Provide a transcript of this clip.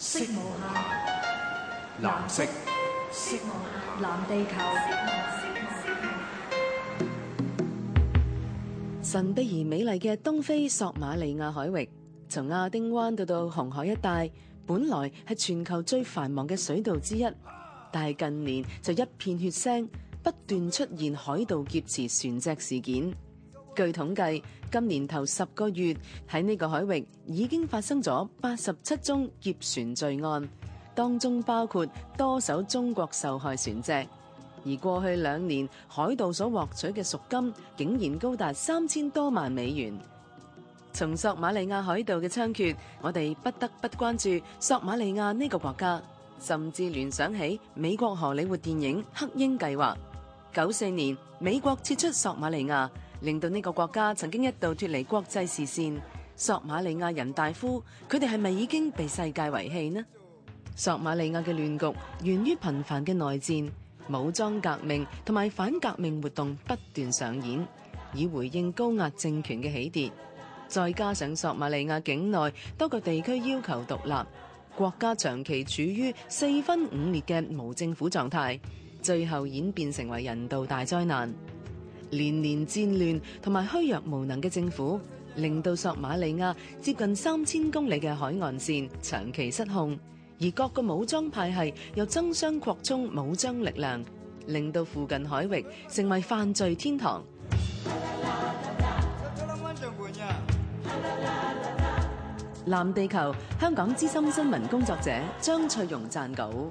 色無暇，藍色，色，下藍色，色下，藍地球。色下色下色下神秘而美麗嘅東非索馬利亞海域，從亞丁灣到到紅海一帶，本來係全球最繁忙嘅水道之一，但係近年就一片血腥，不斷出現海盜劫持船隻事件。據統計，今年頭十個月喺呢個海域已經發生咗八十七宗劫船罪案，當中包括多艘中國受害船隻。而過去兩年，海盜所獲取嘅贖金竟然高達三千多萬美元。從索馬利亞海盜嘅猖獗，我哋不得不關注索馬利亞呢個國家，甚至聯想起美國荷里活電影《黑鷹計劃》。九四年，美國撤出索馬利亞。令到呢個國家曾經一度脱離國際視線，索馬利亞人大呼，佢哋係咪已經被世界遺棄呢？索馬利亞嘅亂局源於頻繁嘅內戰、武裝革命同埋反革命活動不斷上演，以回應高壓政權嘅起跌。再加上索馬利亞境內多個地區要求獨立，國家長期處於四分五裂嘅無政府狀態，最後演變成為人道大災難。連年戰亂同埋虛弱無能嘅政府，令到索馬利亞接近三千公里嘅海岸線長期失控，而各個武裝派系又爭相擴充武裝力量，令到附近海域成為犯罪天堂。藍地球，香港資深新聞工作者張翠容撰稿。